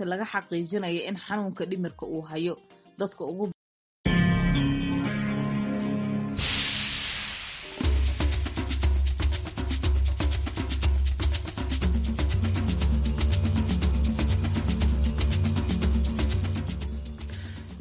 goobta laga xaqiijinayo in xanuunka dhimirka uu hayo dadka ugu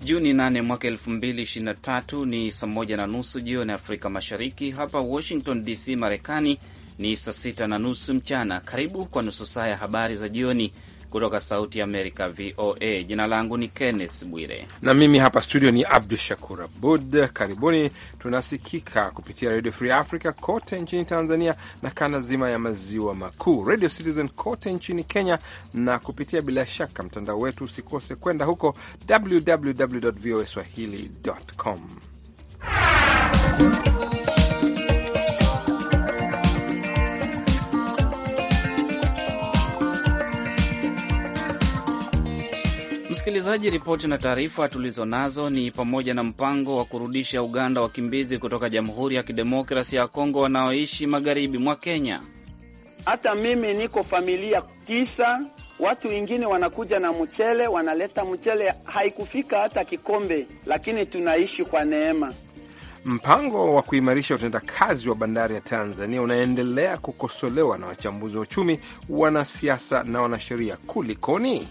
Juni 8 mwaka 2023 ni saa moja na nusu jioni Afrika Mashariki. Hapa Washington DC, Marekani ni saa sita na nusu mchana. Karibu kwa nusu saa ya habari za jioni kutoka Sauti ya Amerika, VOA. Jina langu ni Kenneth Bwire na mimi hapa studio ni Abdu Shakur Abud. Karibuni. Tunasikika kupitia Redio Free Africa kote nchini Tanzania na kanda zima ya maziwa makuu, Radio Citizen kote nchini Kenya na kupitia bila shaka mtandao wetu. Usikose kwenda huko www voa swahili com Msikilizaji, ripoti na taarifa tulizo nazo ni pamoja na mpango wa kurudisha Uganda wakimbizi kutoka Jamhuri ya Kidemokrasia ya Kongo wanaoishi magharibi mwa Kenya. Hata mimi niko familia tisa, watu wengine wanakuja na mchele, wanaleta mchele haikufika hata kikombe, lakini tunaishi kwa neema. Mpango wa kuimarisha utendakazi wa bandari ya Tanzania unaendelea kukosolewa na wachambuzi wa uchumi, wanasiasa na wanasheria. Kulikoni?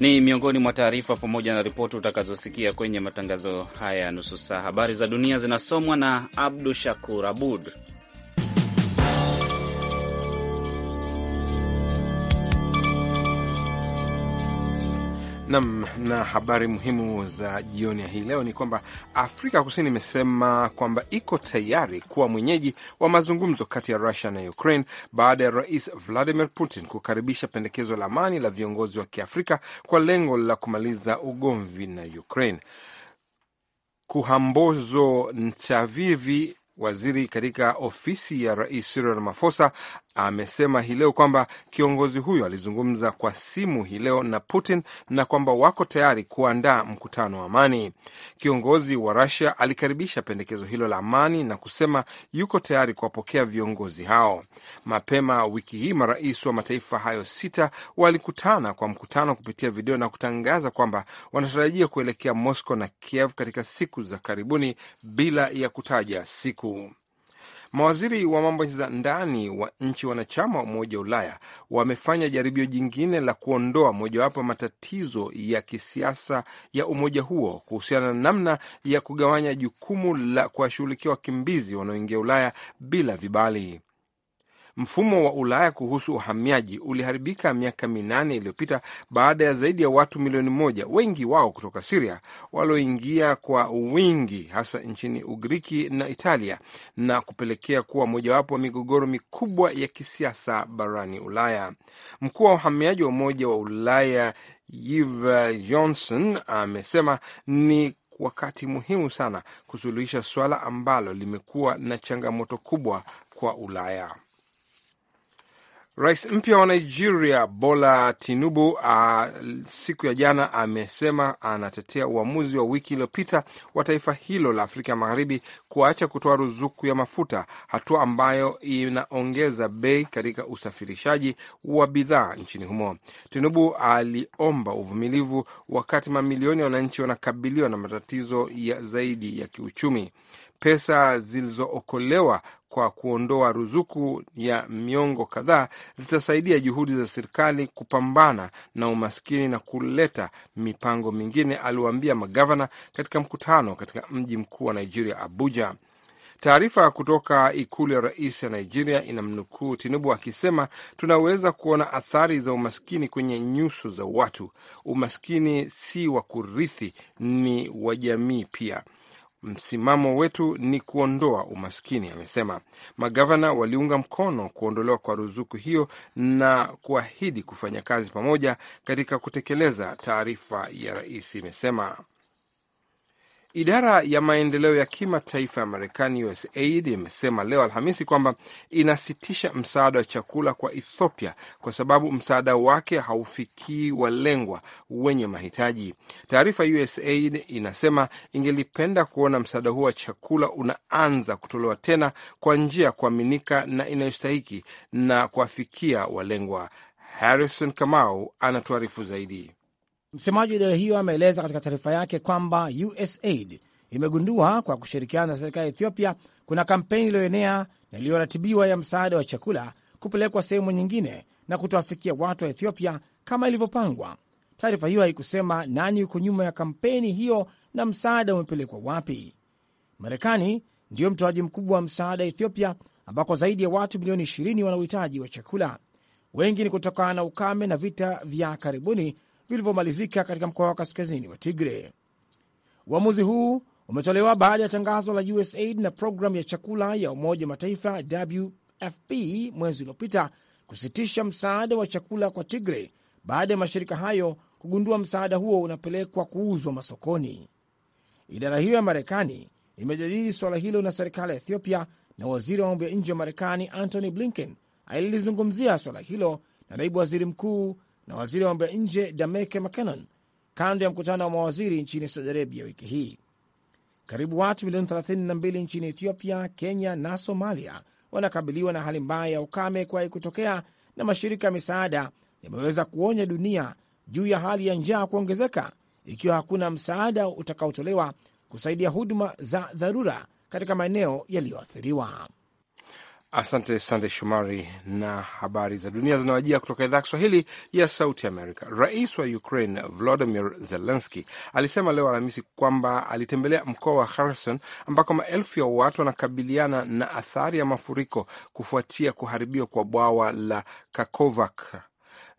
Ni miongoni mwa taarifa pamoja na ripoti utakazosikia kwenye matangazo haya ya nusu saa. Habari za dunia zinasomwa na Abdu Shakur Abud. Nam na habari muhimu za jioni ya hii leo ni kwamba Afrika Kusini imesema kwamba iko tayari kuwa mwenyeji wa mazungumzo kati ya Rusia na Ukraine baada ya Rais Vladimir Putin kukaribisha pendekezo la amani la viongozi wa Kiafrika kwa lengo la kumaliza ugomvi na Ukraine. Kuhambozo Nchavivi, waziri katika ofisi ya Rais Cyril Ramaphosa, amesema hii leo kwamba kiongozi huyo alizungumza kwa simu hii leo na Putin na kwamba wako tayari kuandaa mkutano wa amani. Kiongozi wa rasia alikaribisha pendekezo hilo la amani na kusema yuko tayari kuwapokea viongozi hao. Mapema wiki hii marais wa mataifa hayo sita walikutana kwa mkutano kupitia video na kutangaza kwamba wanatarajia kuelekea Moscow na Kiev katika siku za karibuni bila ya kutaja siku. Mawaziri wa mambo za ndani wa nchi wanachama wa Umoja wa Ulaya wamefanya jaribio jingine la kuondoa mojawapo ya matatizo ya kisiasa ya umoja huo kuhusiana na namna ya kugawanya jukumu la kuwashughulikia wakimbizi wanaoingia Ulaya bila vibali. Mfumo wa Ulaya kuhusu uhamiaji uliharibika miaka minane iliyopita baada ya zaidi ya watu milioni moja, wengi wao kutoka Siria, walioingia kwa wingi hasa nchini Ugiriki na Italia na kupelekea kuwa mojawapo wa migogoro mikubwa ya kisiasa barani Ulaya. Mkuu wa uhamiaji wa Umoja wa Ulaya Yves Johnson amesema ni wakati muhimu sana kusuluhisha suala ambalo limekuwa na changamoto kubwa kwa Ulaya. Rais mpya wa Nigeria Bola Tinubu a, siku ya jana amesema anatetea uamuzi wa wiki iliyopita wa taifa hilo la Afrika Magharibi kuacha kutoa ruzuku ya mafuta, hatua ambayo inaongeza bei katika usafirishaji wa bidhaa nchini humo. Tinubu aliomba uvumilivu wakati mamilioni ya wananchi wanakabiliwa na matatizo ya zaidi ya kiuchumi. Pesa zilizookolewa kwa kuondoa ruzuku ya miongo kadhaa zitasaidia juhudi za serikali kupambana na umaskini na kuleta mipango mingine, aliwaambia magavana katika mkutano katika mji mkuu wa Nigeria, Abuja. Taarifa kutoka ikulu ya rais ya Nigeria inamnukuu Tinubu akisema tunaweza kuona athari za umaskini kwenye nyuso za watu. Umaskini si wa kurithi, ni wa jamii pia. Msimamo wetu ni kuondoa umaskini, amesema. Magavana waliunga mkono kuondolewa kwa ruzuku hiyo na kuahidi kufanya kazi pamoja katika kutekeleza, taarifa ya rais imesema. Idara ya maendeleo ya kimataifa ya Marekani, USAID, imesema leo Alhamisi kwamba inasitisha msaada wa chakula kwa Ethiopia kwa sababu msaada wake haufikii walengwa wenye mahitaji. Taarifa ya USAID inasema ingelipenda kuona msaada huo wa chakula unaanza kutolewa tena kwa njia ya kuaminika na inayostahiki na kuwafikia walengwa. Harrison Kamau anatuarifu zaidi. Msemaji wa idara hiyo ameeleza katika taarifa yake kwamba USAID imegundua kwa kushirikiana na serikali ya Ethiopia kuna kampeni iliyoenea na iliyoratibiwa ya msaada wa chakula kupelekwa sehemu nyingine na kutowafikia watu wa Ethiopia kama ilivyopangwa. Taarifa hiyo haikusema nani yuko nyuma ya kampeni hiyo na msaada umepelekwa wapi. Marekani ndiyo mtoaji mkubwa wa msaada Ethiopia, ambako zaidi ya watu milioni 20 wana uhitaji wa chakula. Wengi ni kutokana na ukame na vita vya karibuni vilivyomalizika katika mkoa wa kaskazini wa Tigre. Uamuzi huu umetolewa baada ya tangazo la USAID na programu ya chakula ya Umoja wa Mataifa WFP mwezi uliopita kusitisha msaada wa chakula kwa Tigre baada ya mashirika hayo kugundua msaada huo unapelekwa kuuzwa masokoni. Idara hiyo ya Marekani imejadili suala hilo na serikali ya Ethiopia, na waziri wa mambo ya nje wa Marekani Antony Blinken alilizungumzia suala hilo na naibu waziri mkuu na waziri wa mambo ya nje Dameke McCannon kando ya mkutano wa mawaziri nchini Saudi Arabia wiki hii. Karibu watu milioni 32 nchini Ethiopia, Kenya na Somalia wanakabiliwa na hali mbaya ya ukame kuwahi kutokea, na mashirika ya misaada yameweza kuonya dunia juu ya hali ya njaa kuongezeka ikiwa hakuna msaada utakaotolewa kusaidia huduma za dharura katika maeneo yaliyoathiriwa. Asante Sande Shomari na habari za dunia zinawajia kutoka idhaa ya Kiswahili ya Sauti Amerika. Rais wa Ukraine volodimir Zelenski alisema leo Alhamisi kwamba alitembelea mkoa wa Kherson ambako maelfu ya watu wanakabiliana na athari ya mafuriko kufuatia kuharibiwa kwa bwawa la Kakovak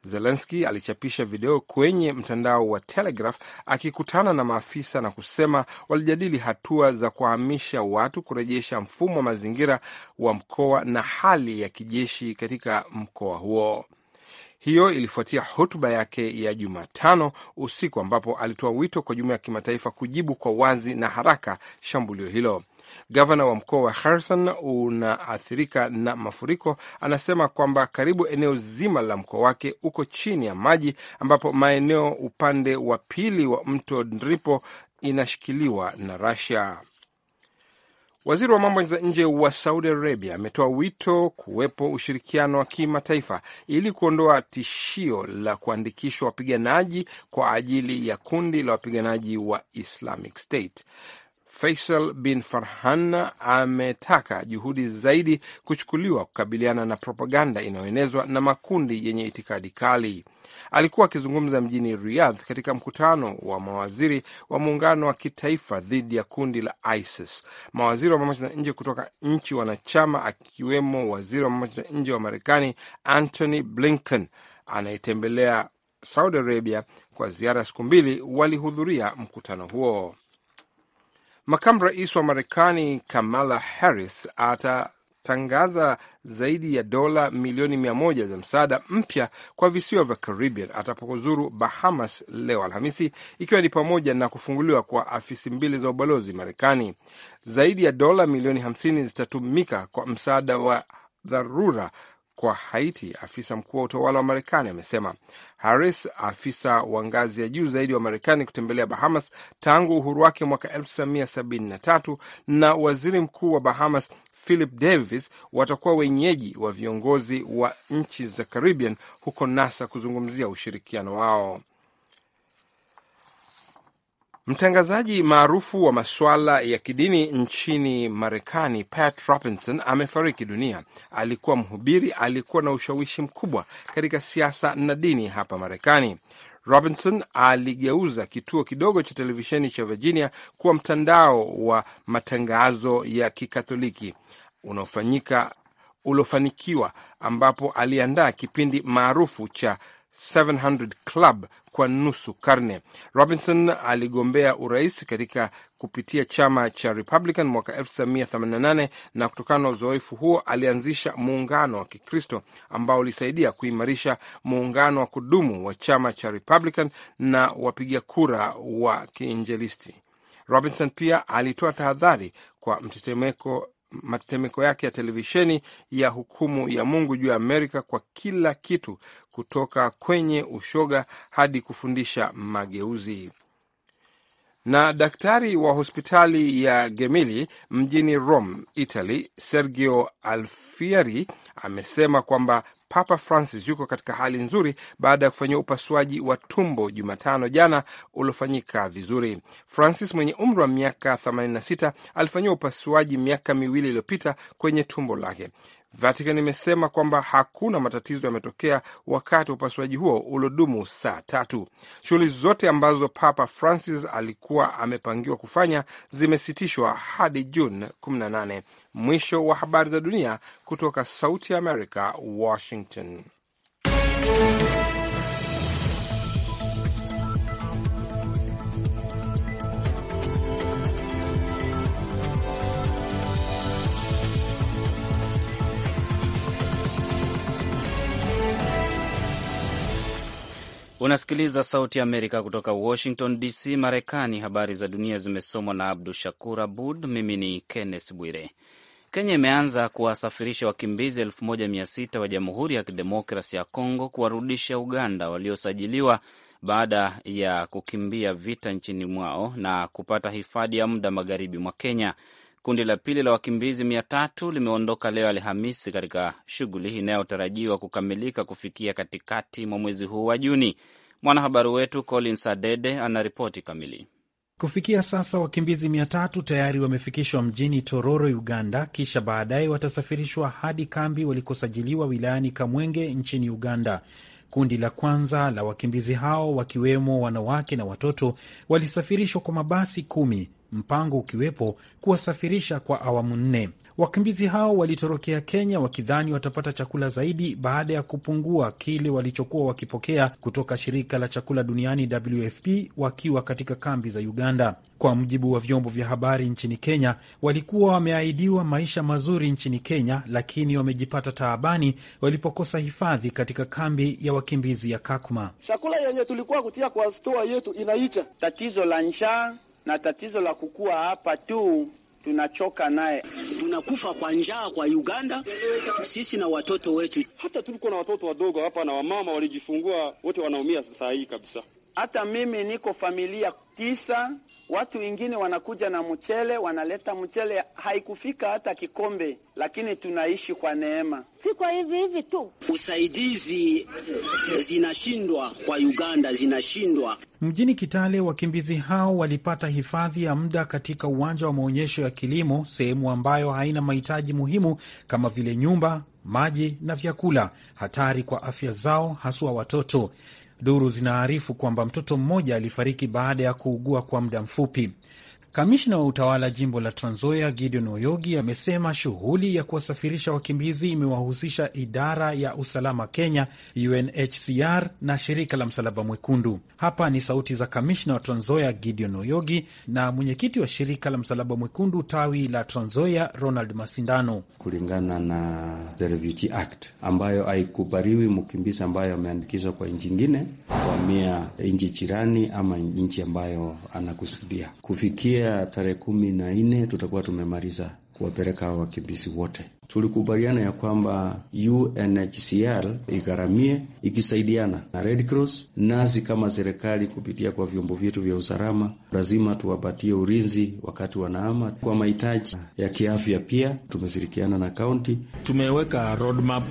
Zelenski alichapisha video kwenye mtandao wa Telegraph akikutana na maafisa na kusema walijadili hatua za kuhamisha watu, kurejesha mfumo wa mazingira wa mkoa na hali ya kijeshi katika mkoa huo. Hiyo ilifuatia hotuba yake ya Jumatano usiku ambapo alitoa wito kwa jumuiya ya kimataifa kujibu kwa wazi na haraka shambulio hilo. Gavana wa mkoa wa Kherson unaathirika na mafuriko anasema kwamba karibu eneo zima la mkoa wake uko chini ya maji, ambapo maeneo upande wa pili wa mto Dnipro inashikiliwa na Russia. Waziri wa mambo za nje wa Saudi Arabia ametoa wito kuwepo ushirikiano wa kimataifa ili kuondoa tishio la kuandikishwa wapiganaji kwa ajili ya kundi la wapiganaji wa Islamic State. Faisal bin Farhan ametaka juhudi zaidi kuchukuliwa kukabiliana na propaganda inayoenezwa na makundi yenye itikadi kali. Alikuwa akizungumza mjini Riyadh katika mkutano wa mawaziri wa muungano wa kitaifa dhidi ya kundi la ISIS. Mawaziri wa mambo ya nje kutoka nchi wanachama, akiwemo waziri wa mambo ya nje wa Marekani Antony Blinken anayetembelea Saudi Arabia kwa ziara ya siku mbili, walihudhuria mkutano huo. Makamu rais wa Marekani Kamala Harris atatangaza zaidi ya dola milioni mia moja za msaada mpya kwa visiwa vya Caribbean atapozuru Bahamas leo Alhamisi, ikiwa ni pamoja na kufunguliwa kwa afisi mbili za ubalozi Marekani. Zaidi ya dola milioni hamsini zitatumika kwa msaada wa dharura kwa Haiti, afisa mkuu wa utawala wa Marekani amesema. Harris, afisa wa ngazi ya juu zaidi wa Marekani kutembelea Bahamas tangu uhuru wake mwaka 1973 na waziri mkuu wa Bahamas Philip Davis watakuwa wenyeji wa viongozi wa nchi za Caribbean huko Nasa kuzungumzia ushirikiano wao. Mtangazaji maarufu wa masuala ya kidini nchini Marekani, Pat Robinson amefariki dunia. Alikuwa mhubiri aliyekuwa na ushawishi mkubwa katika siasa na dini hapa Marekani. Robinson aligeuza kituo kidogo cha televisheni cha Virginia kuwa mtandao wa matangazo ya Kikatoliki unaofanyika uliofanikiwa ambapo aliandaa kipindi maarufu cha 700 Club kwa nusu karne. Robinson aligombea urais katika kupitia chama cha Republican mwaka 1988 na kutokana na uzoefu huo alianzisha muungano wa Kikristo ambao ulisaidia kuimarisha muungano wa kudumu wa chama cha Republican na wapiga kura wa kiinjilisti. Robinson pia alitoa tahadhari kwa mtetemeko matetemeko yake ya televisheni ya hukumu ya Mungu juu ya Amerika kwa kila kitu kutoka kwenye ushoga hadi kufundisha mageuzi. Na daktari wa hospitali ya Gemili mjini Rome, Italy, Sergio Alfieri amesema kwamba Papa Francis yuko katika hali nzuri baada ya kufanyiwa upasuaji wa tumbo Jumatano jana uliofanyika vizuri. Francis mwenye umri wa miaka 86 alifanyiwa upasuaji miaka miwili iliyopita kwenye tumbo lake. Vatican imesema kwamba hakuna matatizo yametokea wakati wa upasuaji huo uliodumu saa tatu. Shughuli zote ambazo Papa Francis alikuwa amepangiwa kufanya zimesitishwa hadi Juni 18. Mwisho wa habari za dunia kutoka Sauti ya America, Washington. Unasikiliza Sauti ya Amerika kutoka Washington DC, Marekani. Habari za dunia zimesomwa na Abdu Shakur Abud. Mimi ni Kenneth Bwire. Kenya imeanza kuwasafirisha wakimbizi 1600 wa Jamhuri ya Kidemokrasi ya congo kuwarudisha Uganda waliosajiliwa baada ya kukimbia vita nchini mwao na kupata hifadhi ya muda magharibi mwa Kenya. Kundi la pili la wakimbizi mia tatu limeondoka leo Alhamisi katika shughuli inayotarajiwa kukamilika kufikia katikati mwa mwezi huu wa Juni. Mwanahabari wetu Collins Adede anaripoti kamili. Kufikia sasa wakimbizi mia tatu tayari wamefikishwa mjini Tororo, Uganda, kisha baadaye watasafirishwa hadi kambi walikosajiliwa wilayani Kamwenge nchini Uganda. Kundi la kwanza la wakimbizi hao wakiwemo wanawake na watoto walisafirishwa kwa mabasi kumi mpango ukiwepo kuwasafirisha kwa awamu nne. Wakimbizi hao walitorokea Kenya wakidhani watapata chakula zaidi baada ya kupungua kile walichokuwa wakipokea kutoka shirika la chakula duniani WFP wakiwa katika kambi za Uganda. Kwa mujibu wa vyombo vya habari nchini Kenya, walikuwa wameahidiwa maisha mazuri nchini Kenya, lakini wamejipata taabani walipokosa hifadhi katika kambi ya wakimbizi ya Kakuma. Chakula yenye tulikuwa kutia kwa stoa yetu inaicha, Tatizo la njaa na tatizo la kukua hapa tu tunachoka naye, tunakufa kwa njaa kwa Uganda, sisi na watoto wetu. Hata tuliko na watoto wadogo hapa na wamama walijifungua wote wanaumia sasa hii kabisa. Hata mimi niko familia tisa Watu wengine wanakuja na mchele, wanaleta mchele haikufika hata kikombe, lakini tunaishi kwa neema, si kwa hivi hivi tu. Usaidizi zinashindwa kwa Uganda, zinashindwa mjini Kitale. Wakimbizi hao walipata hifadhi ya muda katika uwanja wa maonyesho ya kilimo, sehemu ambayo haina mahitaji muhimu kama vile nyumba, maji na vyakula, hatari kwa afya zao, haswa watoto. Duru zinaarifu kwamba mtoto mmoja alifariki baada ya kuugua kwa muda mfupi. Kamishna wa utawala jimbo la tranzoya Gideon Oyogi amesema shughuli ya kuwasafirisha wakimbizi imewahusisha idara ya usalama Kenya, UNHCR na shirika la Msalaba Mwekundu. Hapa ni sauti za kamishna wa tranzoya Gideon Oyogi na mwenyekiti wa shirika la Msalaba Mwekundu tawi la tranzoya Ronald Masindano. Kulingana na The Refugee Act ambayo aikubariwi mkimbizi ambayo ameandikizwa kwa nchi ingine kuhamia nchi jirani ama nchi ambayo anakusudia kufikia kufikia tarehe kumi na nne tutakuwa tumemaliza kuwapeleka hao wakimbizi wote. Tulikubaliana ya kwamba UNHCR igharamie ikisaidiana na Red Cross, nasi kama serikali kupitia kwa vyombo vyetu vya usalama lazima tuwapatie ulinzi wakati wanahama. Kwa mahitaji ya kiafya pia tumeshirikiana na kaunti, tumeweka roadmap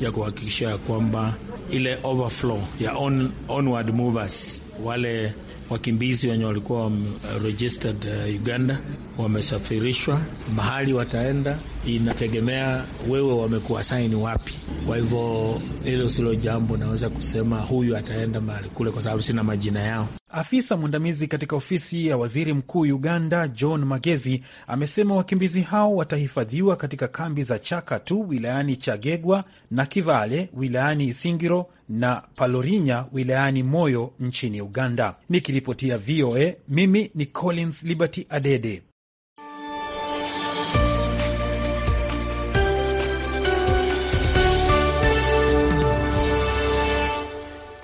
ya kuhakikisha ya kwamba ile overflow ya on, onward movers wale wakimbizi wenye walikuwa um, registered uh, Uganda wamesafirishwa, mahali wataenda inategemea wewe wamekuasaini wapi. Kwa hivyo hilo silo jambo naweza kusema huyu ataenda mahali kule, kwa sababu sina majina yao. Afisa mwandamizi katika ofisi ya waziri mkuu Uganda, John Magezi, amesema wakimbizi hao watahifadhiwa katika kambi za Chaka tu wilayani Chagegwa na Kivale wilayani Isingiro na Palorinya wilayani Moyo nchini Uganda. Nikiripotia VOA, mimi ni Collins Liberty Adede.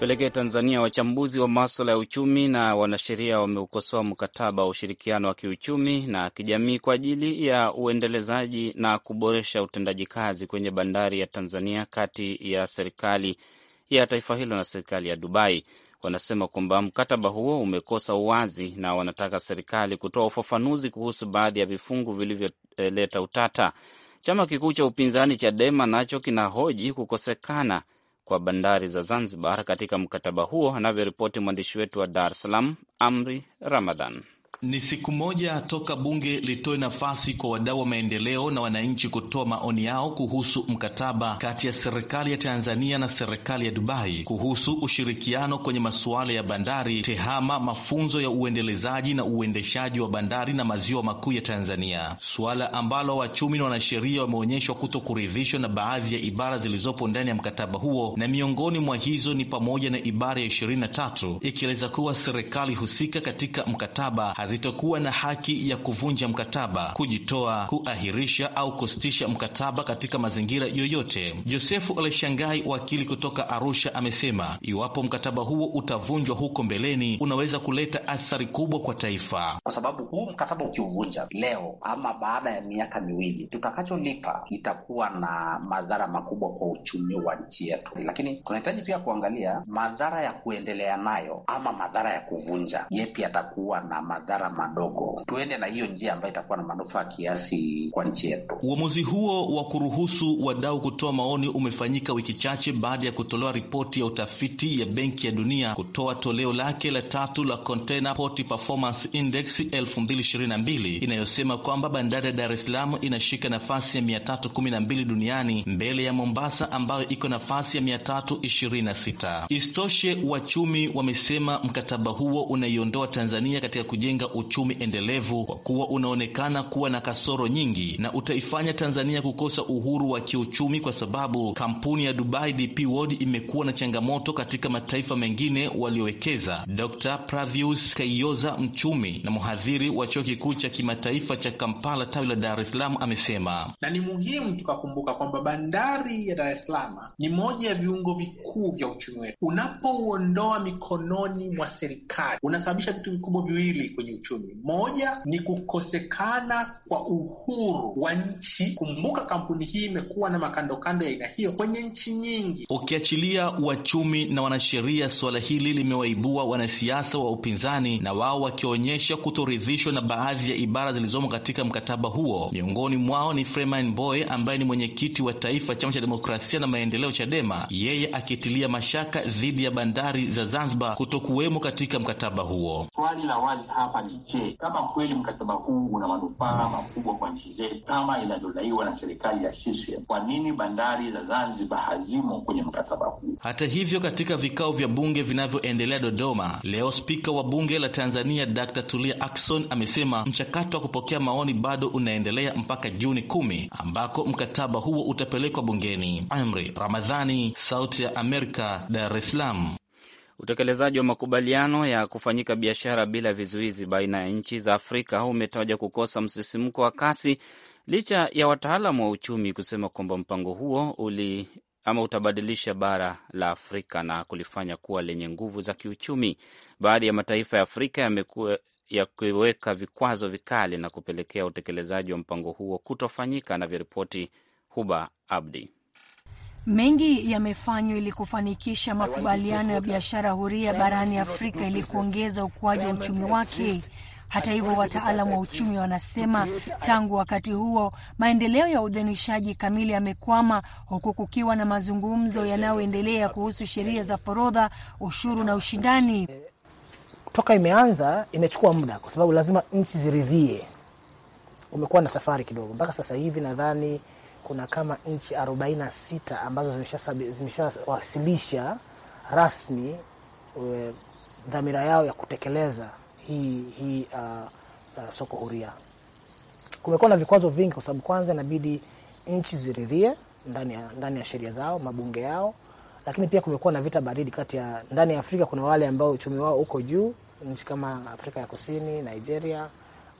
Tuelekee Tanzania. Wachambuzi wa maswala ya uchumi na wanasheria wameukosoa mkataba wa ushirikiano wa kiuchumi na kijamii kwa ajili ya uendelezaji na kuboresha utendaji kazi kwenye bandari ya Tanzania kati ya serikali ya taifa hilo na serikali ya Dubai. Wanasema kwamba mkataba huo umekosa uwazi na wanataka serikali kutoa ufafanuzi kuhusu baadhi ya vifungu vilivyoleta utata. Chama kikuu cha upinzani cha dema nacho kinahoji kukosekana kwa bandari za Zanzibar katika mkataba huo, anavyoripoti mwandishi wetu wa Dar es Salaam, Amri Ramadhan. Ni siku moja toka bunge litoe nafasi kwa wadau wa maendeleo na wananchi kutoa maoni yao kuhusu mkataba kati ya serikali ya Tanzania na serikali ya Dubai kuhusu ushirikiano kwenye masuala ya bandari, tehama, mafunzo ya uendelezaji na uendeshaji wa bandari na maziwa makuu ya Tanzania, suala ambalo wachumi na wanasheria wameonyeshwa kuto kuridhishwa na baadhi ya ibara zilizopo ndani ya mkataba huo, na miongoni mwa hizo ni pamoja na ibara ya 23 ikieleza kuwa serikali husika katika mkataba hazitokuwa na haki ya kuvunja mkataba, kujitoa, kuahirisha au kusitisha mkataba katika mazingira yoyote. Josefu oleshangai wakili kutoka Arusha, amesema iwapo mkataba huo utavunjwa huko mbeleni, unaweza kuleta athari kubwa kwa taifa, kwa sababu huu mkataba ukiuvunja leo ama baada ya miaka miwili, tutakacholipa itakuwa na madhara makubwa kwa uchumi wa nchi yetu. Lakini tunahitaji pia kuangalia madhara ya kuendelea nayo ama madhara ya kuvunja, yepi atakuwa na madhara madhara madogo. Tuende na hiyo njia ambayo itakuwa na manufaa kiasi kwa nchi yetu. Uamuzi huo wa kuruhusu wadau kutoa maoni umefanyika wiki chache baada ya kutolewa ripoti ya utafiti ya Benki ya Dunia kutoa toleo lake la tatu la Container Port Performance Index 2022 inayosema kwamba bandari ya Dar es Salaam inashika nafasi ya 312 duniani mbele ya Mombasa ambayo iko nafasi ya 326. istoshe wachumi wamesema mkataba huo unaiondoa Tanzania katika kujenga kujenga uchumi endelevu kwa kuwa unaonekana kuwa na kasoro nyingi na utaifanya Tanzania kukosa uhuru wa kiuchumi, kwa sababu kampuni ya Dubai DP World imekuwa na changamoto katika mataifa mengine waliowekeza. Dr. Pravius Kayoza, mchumi na mhadhiri wa chuo kikuu cha kimataifa cha Kampala tawi la Dar es Salaam, amesema na ni muhimu tukakumbuka kwamba bandari ya Dar es Salaam ni moja ya viungo vikuu vya uchumi wetu. Unapouondoa mikononi mwa serikali, unasababisha vitu vikubwa viwili kwenye kiuchumi. Moja ni kukosekana kwa uhuru wa nchi. Kumbuka kampuni hii imekuwa na makandokando ya aina hiyo kwenye nchi nyingi. Ukiachilia wachumi na wanasheria, suala hili limewaibua wanasiasa wa upinzani, na wao wakionyesha kutoridhishwa na baadhi ya ibara zilizomo katika mkataba huo. Miongoni mwao ni Freeman Mbowe ambaye ni mwenyekiti wa taifa chama cha demokrasia na maendeleo Chadema, yeye akitilia mashaka dhidi ya bandari za Zanzibar kutokuwemo katika mkataba huo. Swali la wazi hapa swali, je, kama kweli mkataba huu una manufaa makubwa kwa nchi zetu kama inavyodaiwa na serikali ya CCM, kwa nini bandari za Zanzibar hazimo kwenye mkataba huu? Hata hivyo, katika vikao vya bunge vinavyoendelea Dodoma leo, spika wa bunge la Tanzania Dr. Tulia Ackson amesema mchakato wa kupokea maoni bado unaendelea mpaka Juni kumi ambako mkataba huo utapelekwa bungeni. Amri Ramadhani, Sauti ya Amerika, Dar es Salaam. Utekelezaji wa makubaliano ya kufanyika biashara bila vizuizi baina ya nchi za Afrika umetaja kukosa msisimko wa kasi licha ya wataalam wa uchumi kusema kwamba mpango huo uli ama utabadilisha bara la Afrika na kulifanya kuwa lenye nguvu za kiuchumi. Baadhi ya mataifa ya Afrika yamekuwa kuweka vikwazo vikali na kupelekea utekelezaji wa mpango huo kutofanyika, anavyoripoti Huba Abdi. Mengi yamefanywa ili kufanikisha makubaliano ya biashara huria barani Afrika ili kuongeza ukuaji wa uchumi wake. Hata hivyo, wataalamu wa uchumi wanasema tangu wakati huo maendeleo ya udhinishaji kamili yamekwama, huku kukiwa na mazungumzo yanayoendelea kuhusu sheria za forodha, ushuru na ushindani. Toka imeanza imechukua muda, kwa sababu lazima nchi ziridhie. Umekuwa na safari kidogo mpaka sasa hivi nadhani kuna kama nchi 46 ambazo zimeshawasilisha rasmi we, dhamira yao ya kutekeleza hii hii uh, uh, soko huria. Kumekuwa na vikwazo vingi, kwa sababu kwanza inabidi nchi ziridhie ndani ya, ndani ya sheria zao mabunge yao, lakini pia kumekuwa na vita baridi kati ya ndani ya Afrika. Kuna wale ambao uchumi wao uko juu, nchi kama Afrika ya Kusini, Nigeria,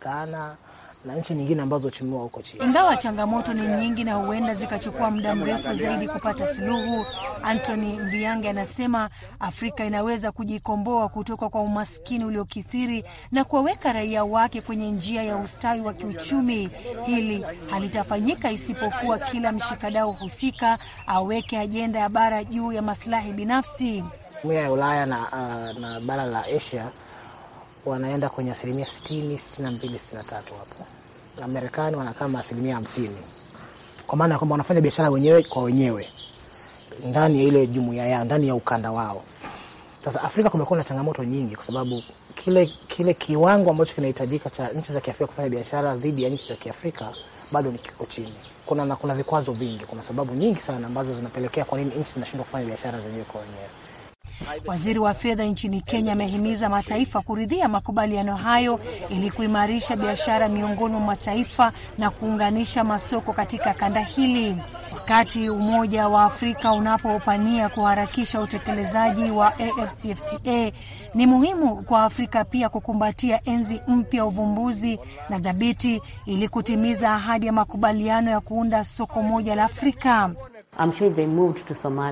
Ghana na nchi nyingine ambazo uchumi huko uko chini. Ingawa changamoto ni nyingi na huenda zikachukua muda mrefu zaidi kupata suluhu, Antony Mbiange anasema Afrika inaweza kujikomboa kutoka kwa umaskini uliokithiri na kuwaweka raia wake kwenye njia ya ustawi wa kiuchumi. Hili halitafanyika isipokuwa kila mshikadau husika aweke ajenda ya bara juu ya maslahi binafsi. Jumuiya ya Ulaya na, uh, na bara la Asia wanaenda kwenye asilimia 60, 62, 63 hapo. Amerikani wana kama asilimia 50, kwa maana kwamba wanafanya biashara wenyewe kwa wenyewe ndani ya ile jumuiya yao, ndani ya ukanda wao. Sasa Afrika kumekuwa na changamoto nyingi, kwa sababu kile, kile kiwango ambacho kinahitajika cha nchi za Kiafrika kufanya biashara dhidi ya nchi za Kiafrika bado ni kiko chini. Kuna, na kuna vikwazo vingi, kuna sababu nyingi sana ambazo zinapelekea kwa nini nchi zinashindwa kufanya biashara zenyewe kwa wenyewe. Waziri wa fedha nchini Kenya amehimiza mataifa kuridhia makubaliano hayo ili kuimarisha biashara miongoni mwa mataifa na kuunganisha masoko katika kanda hili. Wakati Umoja wa Afrika unapopania kuharakisha utekelezaji wa AfCFTA, ni muhimu kwa Afrika pia kukumbatia enzi mpya uvumbuzi na dhabiti ili kutimiza ahadi ya makubaliano ya kuunda soko moja la Afrika. Sure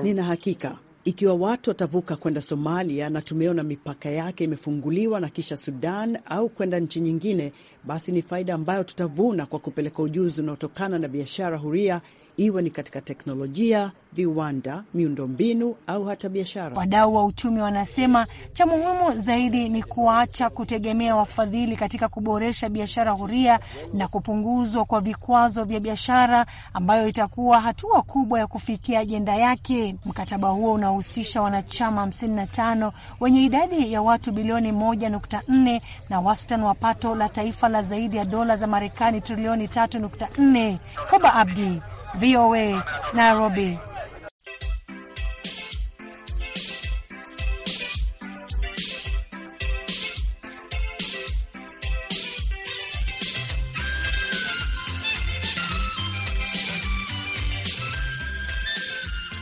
nina hakika ikiwa watu watavuka kwenda Somalia na tumeona mipaka yake imefunguliwa na kisha Sudan au kwenda nchi nyingine, basi ni faida ambayo tutavuna kwa kupeleka ujuzi unaotokana na biashara huria iwe ni katika teknolojia, viwanda, miundombinu au hata biashara. Wadau wa uchumi wanasema cha muhimu zaidi ni kuacha kutegemea wafadhili katika kuboresha biashara huria na kupunguzwa kwa vikwazo vya biashara, ambayo itakuwa hatua kubwa ya kufikia ajenda yake. Mkataba huo unahusisha wanachama 55 wenye idadi ya watu bilioni 1.4 na wastani wa pato la taifa la zaidi ya dola za Marekani trilioni 3.4. Koba Abdi, VOA Nairobi.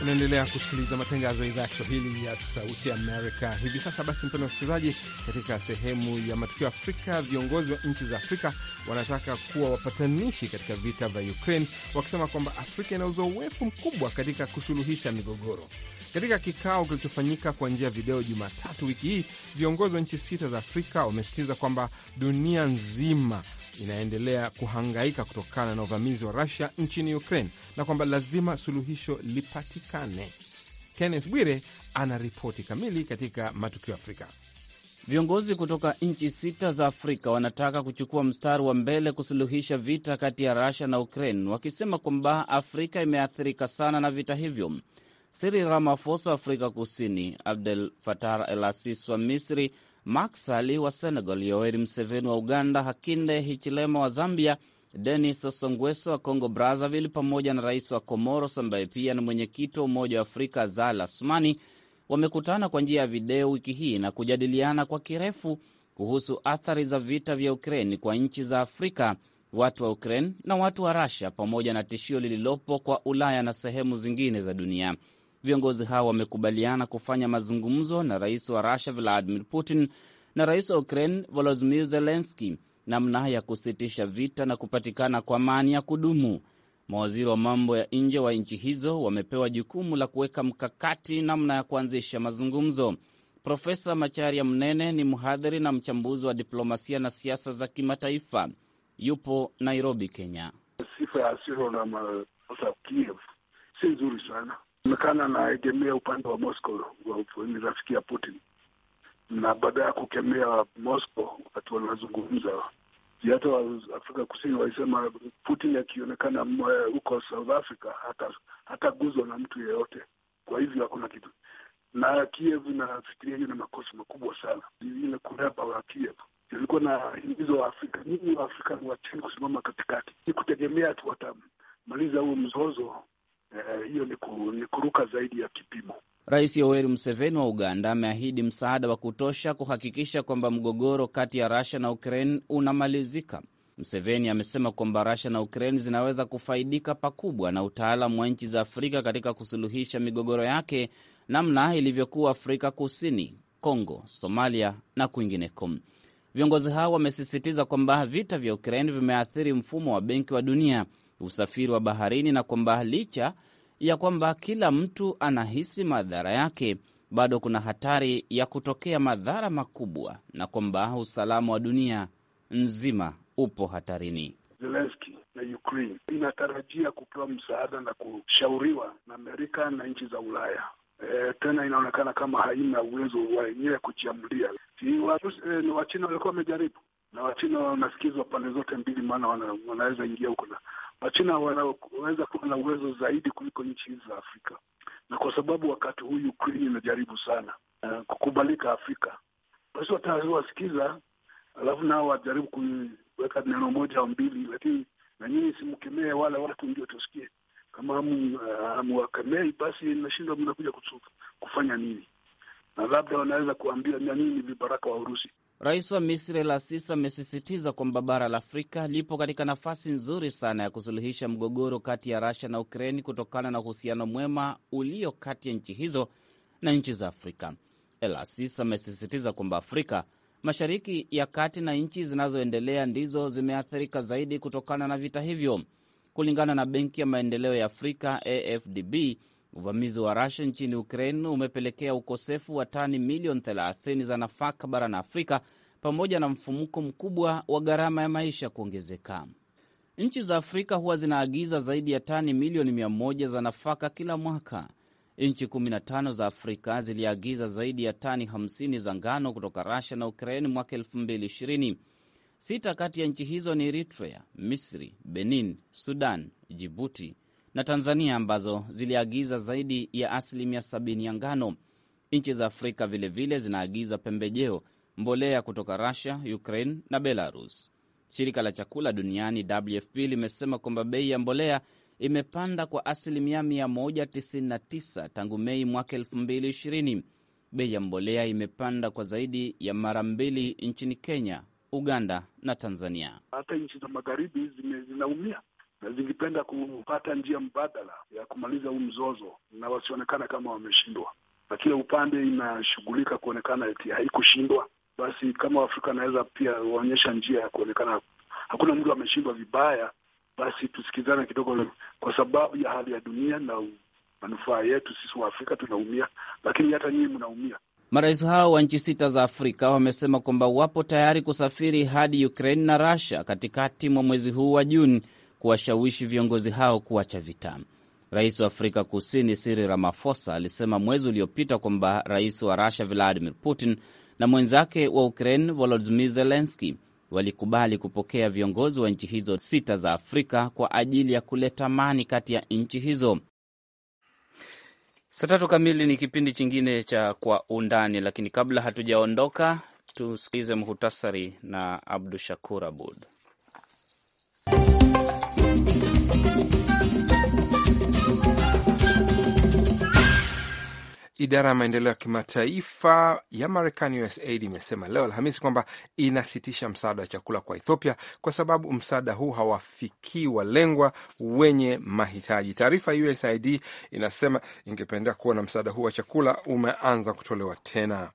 Unaendelea kusikiliza matangazo ya idhaa ya Kiswahili ya Sauti Amerika hivi sasa. Basi mpendwa msikilizaji, katika sehemu ya matukio ya Afrika, viongozi wa nchi za Afrika wanataka kuwa wapatanishi katika vita vya Ukraine, wakisema kwamba Afrika ina uzoefu mkubwa katika kusuluhisha migogoro. Katika kikao kilichofanyika kwa njia ya video Jumatatu wiki hii, viongozi wa nchi sita za Afrika wamesisitiza kwamba dunia nzima inaendelea kuhangaika kutokana na uvamizi wa Rusia nchini Ukraine na kwamba lazima suluhisho lipatikane. Kenneth Bwire ana ripoti kamili katika Matukio ya Afrika. Viongozi kutoka nchi sita za Afrika wanataka kuchukua mstari wa mbele kusuluhisha vita kati ya Rusia na Ukraine, wakisema kwamba Afrika imeathirika sana na vita hivyo siri Ramafosa wa Afrika Kusini, Abdel fatar el asis wa Misri, Mak Sali wa Senegal, Yoweri mseveni wa Uganda, hakinde Hichilema wa Zambia, Denis songweso wa Congo Brazzaville, pamoja na rais wa Comoros ambaye pia ni mwenyekiti wa Umoja wa Afrika Zala Asmani wamekutana kwa njia ya video wiki hii na kujadiliana kwa kirefu kuhusu athari za vita vya Ukraini kwa nchi za Afrika, watu wa ukrain na watu wa Russia, pamoja na tishio lililopo kwa Ulaya na sehemu zingine za dunia. Viongozi hao wamekubaliana kufanya mazungumzo na rais wa Rusia Vladimir Putin na rais wa Ukraine volodimir zelenski namna ya kusitisha vita na kupatikana kwa amani ya kudumu. Mawaziri wa mambo ya nje wa nchi hizo wamepewa jukumu la kuweka mkakati namna ya kuanzisha mazungumzo. Profesa Macharia Mnene ni mhadhiri na mchambuzi wa diplomasia na siasa za kimataifa, yupo Nairobi, Kenya. Sifa ya Asiro na Kiev si nzuri sana, onekana anaegemea upande wa Moscow, ni rafiki ya Putin, na baada ya kukemea Moscow wakati wanazungumza hata wa Afrika Kusini walisema Putin akionekana huko South Africa hataguzwa hata na mtu yeyote. Kwa hivyo hakuna kitu, na Kiev inafikiria hiyo na makosa makubwa sana. Ile kureba wa Kiev ilikuwa na himizo wa Afrika nyinyi wa Afrika ni wachini kusimama katikati, ni kutegemea tu watamaliza huo mzozo Eh, hiyo eh, ni, kuruka zaidi ya kipimo. Rais Yoweri Museveni wa Uganda ameahidi msaada wa kutosha kuhakikisha kwamba mgogoro kati ya Russia na Ukraine unamalizika. mseveni amesema kwamba Russia na Ukraine zinaweza kufaidika pakubwa na utaalamu wa nchi za Afrika katika kusuluhisha migogoro yake, namna ilivyokuwa Afrika Kusini, Kongo, Somalia na kwingineko. Viongozi hao wamesisitiza kwamba vita vya Ukraine vimeathiri mfumo wa Benki wa Dunia usafiri wa baharini na kwamba licha ya kwamba kila mtu anahisi madhara yake, bado kuna hatari ya kutokea madhara makubwa na kwamba usalama wa dunia nzima upo hatarini. Zelensky na Ukraine inatarajia kupewa msaada na kushauriwa na Amerika na nchi za Ulaya. E, tena inaonekana kama haina uwezo wa wenyewe kujiamulia. Si e, ni Wachina walikuwa wamejaribu na Wachina wanasikizwa pande zote mbili, maana wanaweza ingia huko na Wachina wanaweza kuwa na uwezo zaidi kuliko nchi hizi za Afrika, na kwa sababu wakati huu Ukraine inajaribu sana uh, kukubalika Afrika, basi watawasikiza, alafu nao wajaribu kuweka neno moja au mbili, lakini na nyinyi simkemee wale watu, ndio tusikie kama hamwakemei, eh, uh, basi nashindwa mnakuja kufanya nini? Na labda wanaweza kuambia nanini ni vibaraka wa Urusi. Rais wa Misri El Sisi amesisitiza kwamba bara la Afrika lipo katika nafasi nzuri sana ya kusuluhisha mgogoro kati ya Russia na Ukraini kutokana na uhusiano mwema ulio kati ya nchi hizo na nchi za Afrika. El Sisi amesisitiza kwamba Afrika Mashariki ya Kati na nchi zinazoendelea ndizo zimeathirika zaidi kutokana na vita hivyo. Kulingana na Benki ya Maendeleo ya Afrika AFDB, Uvamizi wa Urusi nchini Ukraine umepelekea ukosefu wa tani milioni 30 za nafaka barani Afrika pamoja na mfumuko mkubwa wa gharama ya maisha kuongezeka. Nchi za Afrika huwa zinaagiza zaidi ya tani milioni 100 za nafaka kila mwaka. Nchi 15 za Afrika ziliagiza zaidi ya tani 50 za ngano kutoka rusia na Ukraine mwaka 2020. Sita kati ya nchi hizo ni Eritrea, Misri, Benin, Sudan, Jibuti, na Tanzania ambazo ziliagiza zaidi ya asilimia sabini ya ngano. Nchi za Afrika vilevile zinaagiza pembejeo, mbolea kutoka Rusia, Ukraine na Belarus. Shirika la chakula duniani WFP limesema kwamba bei ya mbolea imepanda kwa asilimia 199 tangu Mei mwaka 2020. Bei ya mbolea imepanda kwa zaidi ya mara mbili nchini Kenya, Uganda na Tanzania. Hata nchi za magharibi zinaumia na zingipenda kupata njia mbadala ya kumaliza huu mzozo na wasionekana kama wameshindwa, na kila upande inashughulika kuonekana eti haikushindwa. Basi kama Waafrika anaweza pia waonyesha njia ya kuonekana hakuna mtu ameshindwa vibaya, basi tusikizane kidogo, kwa sababu ya hali ya dunia na manufaa yetu sisi Waafrika tunaumia, lakini hata nyinyi mnaumia. Marais hao wa nchi sita za Afrika wamesema kwamba wapo tayari kusafiri hadi Ukraine na Russia katikati mwa mwezi huu wa Juni kuwashawishi viongozi hao kuacha vita. Rais wa Afrika Kusini Cyril Ramaphosa alisema mwezi uliopita kwamba rais wa Rusia Vladimir Putin na mwenzake wa Ukraine Volodymyr Zelensky walikubali kupokea viongozi wa nchi hizo sita za Afrika kwa ajili ya kuleta amani kati ya nchi hizo. Saa tatu kamili ni kipindi chingine cha Kwa Undani, lakini kabla hatujaondoka, tusikilize muhutasari na Abdu Shakur Abud. Idara ya maendeleo ya kimataifa ya Marekani, USAID, imesema leo Alhamisi kwamba inasitisha msaada wa chakula kwa Ethiopia kwa sababu msaada huu hawafikii walengwa wenye mahitaji. Taarifa ya USAID inasema ingependea kuona msaada huu wa chakula umeanza kutolewa tena.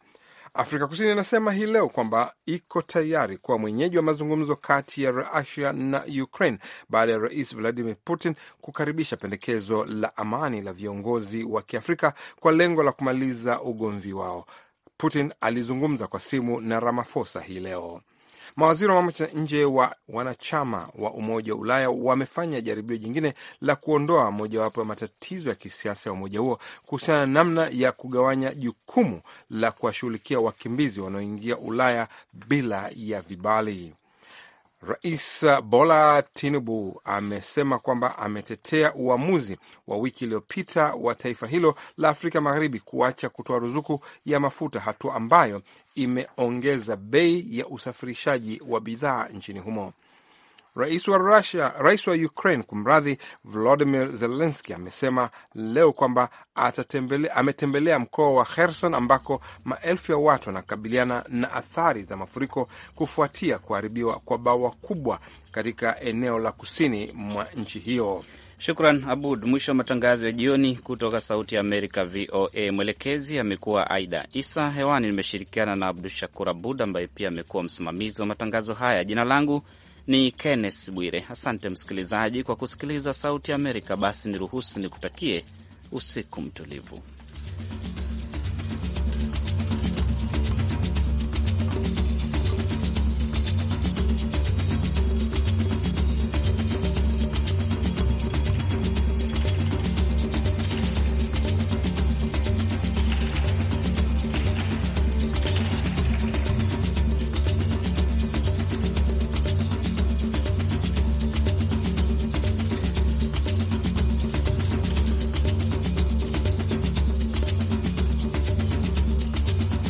Afrika Kusini inasema hii leo kwamba iko tayari kuwa mwenyeji wa mazungumzo kati ya rasia na Ukraine baada ya Rais Vladimir Putin kukaribisha pendekezo la amani la viongozi wa Kiafrika kwa lengo la kumaliza ugomvi wao. Putin alizungumza kwa simu na Ramaphosa hii leo. Mawaziri wa mambo ya nje wa wanachama wa Umoja wa Ulaya wamefanya jaribio jingine la kuondoa mojawapo ya matatizo ya kisiasa ya umoja huo kuhusiana na namna ya kugawanya jukumu la kuwashughulikia wakimbizi wanaoingia Ulaya bila ya vibali. Rais Bola Tinubu amesema kwamba ametetea uamuzi wa wiki iliyopita wa taifa hilo la Afrika Magharibi kuacha kutoa ruzuku ya mafuta, hatua ambayo imeongeza bei ya usafirishaji wa bidhaa nchini humo. Rais wa Rusia, rais wa Ukraine kumradhi, Volodimir Zelenski amesema leo kwamba ametembelea mkoa wa Kherson ambako maelfu ya watu wanakabiliana na athari za mafuriko kufuatia kuharibiwa kwa bawa kubwa katika eneo la kusini mwa nchi hiyo. Shukran Abud. Mwisho wa matangazo ya jioni kutoka Sauti ya Amerika, VOA. Mwelekezi amekuwa Aida Isa. Hewani nimeshirikiana na Abdu Shakur Abud ambaye pia amekuwa msimamizi wa matangazo haya. Jina langu ni Kenneth Bwire. Asante msikilizaji kwa kusikiliza Sauti ya Amerika. Basi niruhusu nikutakie usiku mtulivu.